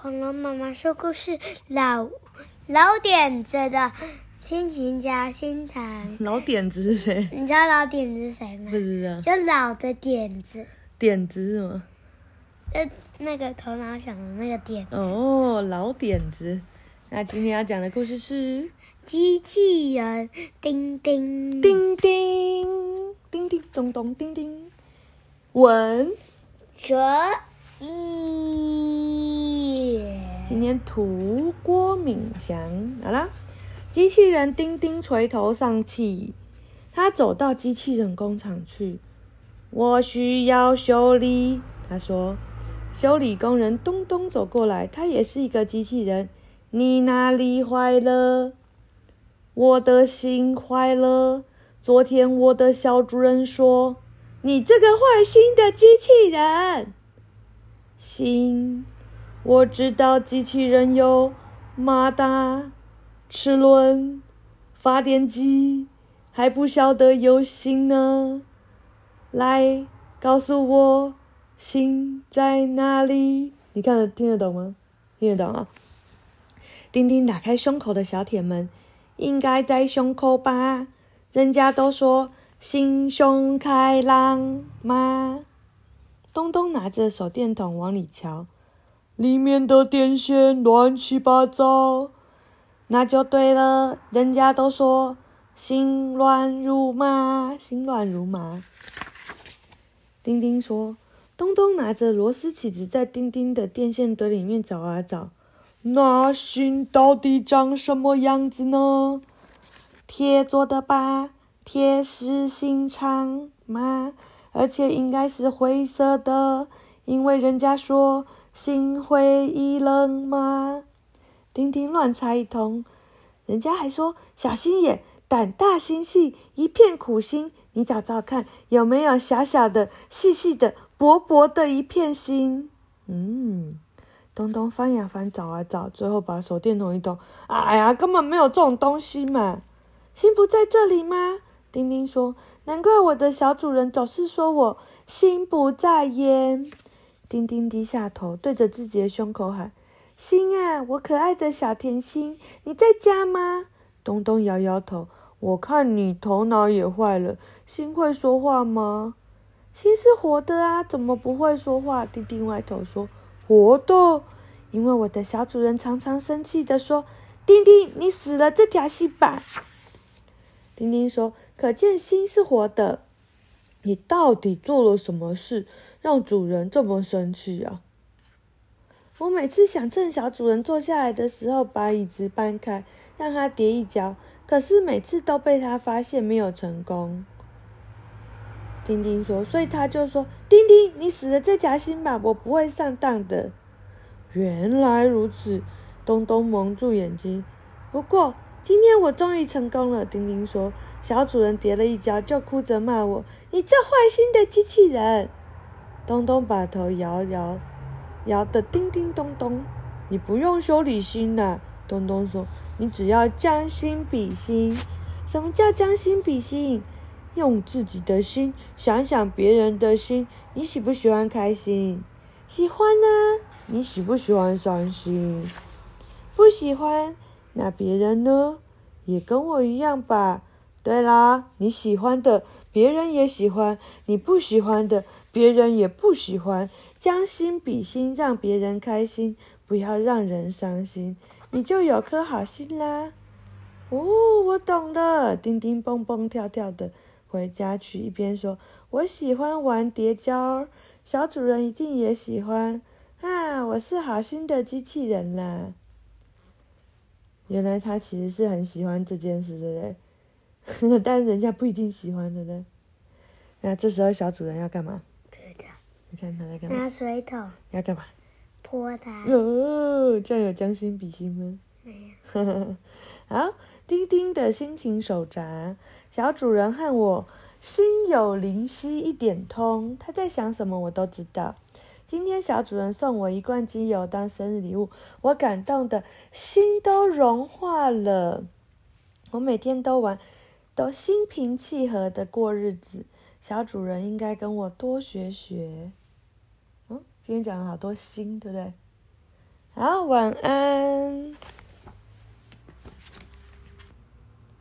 恐龍媽媽說故事老，老老點子的心情夾心糖。老點子是誰？你知道老點子是誰嗎？不知道。就老的點子。點子是什麼？就那個頭腦想的那個點子。哦，老點子。那今天要講的故事是機器人叮叮叮叮叮叮咚咚叮叮，文哲。今天圖郭敏祥，好啦。機器人丁丁垂頭喪氣，他走到機器人工廠去。我需要修理，他說。修理工人咚咚走過來，他也是一個機器人。你哪裡壞了？我的心壞了。昨天我的小主人說：“你這個壞心的機器人，心。”我知道機器人有馬達、齒輪、發電機，還不曉得有心呢。來，告訴我心在哪裡？你看聽得懂嗎？聽得懂啊？丁丁打開胸口的小鐵門，應該在胸口吧？人家都說心胸開朗嗎？東東拿着手電筒往裡瞧。裡面的電線亂七八糟，那就對了。人家都說心亂如麻，心亂如麻。丁丁說，東東拿着螺絲起子在丁丁的電線堆裡面找啊找。那心到底長什麼樣子呢？鐵做的吧？鐵石心腸嗎？而且應該是灰色的，因為人家說。心灰意冷嗎？丁丁亂猜一通，人家還說小心眼、膽大心細，一片苦心。你找找看，有沒有小小的、細細的、薄薄的一片心？嗯，丁丁翻呀翻，找啊找，最後把手電筒一通，哎呀，根本沒有這種東西嘛！心不在這裡嗎？丁丁說，難怪我的小主人總是說我心不在焉。丁丁低下頭，對着自己的胸口喊：“心啊，我可愛的小甜心，你在家嗎？”東東搖搖頭。我看你頭腦也壞了。心會說話嗎？心是活的啊，怎麼不會說話？丁丁歪頭說：“活的，因為我的小主人常常生氣地說：‘丁丁，你死了這條心吧。’”丁丁說：“可見心是活的。你到底做了什麼事？”讓主人這麼生氣啊！我每次想趁小主人坐下來的時候把椅子搬開，讓他跌一跤。可是每次都被他發現，沒有成功。丁丁說：“所以他就說，丁丁，你死了這條心吧，我不會上當的。”原來如此，東東蒙住眼睛。不過今天我終於成功了。丁丁說：“小主人跌了一跤，就哭着罵我：‘你這壞心的機器人！’”丁丁把頭搖搖，搖得叮叮咚咚。你不用修理心啦，丁丁說。你只要將心比心。什麼叫將心比心？用自己的心想想別人的心。你喜不喜歡開心？喜歡呢，你喜不喜歡傷心？不喜歡。那別人呢？也跟我一樣吧。對啦，你喜歡的別人也喜歡，你不喜歡的別人也不喜歡。將心比心，讓別人開心，不要讓人傷心，你就有顆好心啦。哦，我懂了。丁丁蹦蹦跳跳的回家去，一邊說：“我喜歡玩疊膠，小主人一定也喜歡啊！我是好心的機器人啦。”原來他其實是很喜歡這件事的嘞。對 但人家不一定喜歡的呢。那這時候小主人要幹嘛？你看，你看他在幹嘛？拿水桶。你要幹嘛？潑他。哦，這樣有將心比心嗎？沒有。 好，丁丁的心情手札，小主人和我心有靈犀一點通，他在想什麼我都知道。今天小主人送我一罐機油當生日禮物，我感動得心都融化了。我每天都玩。都心平氣和的過日子，小主人應該跟我多學學。嗯，今天講了好多心，對不對？好，晚安。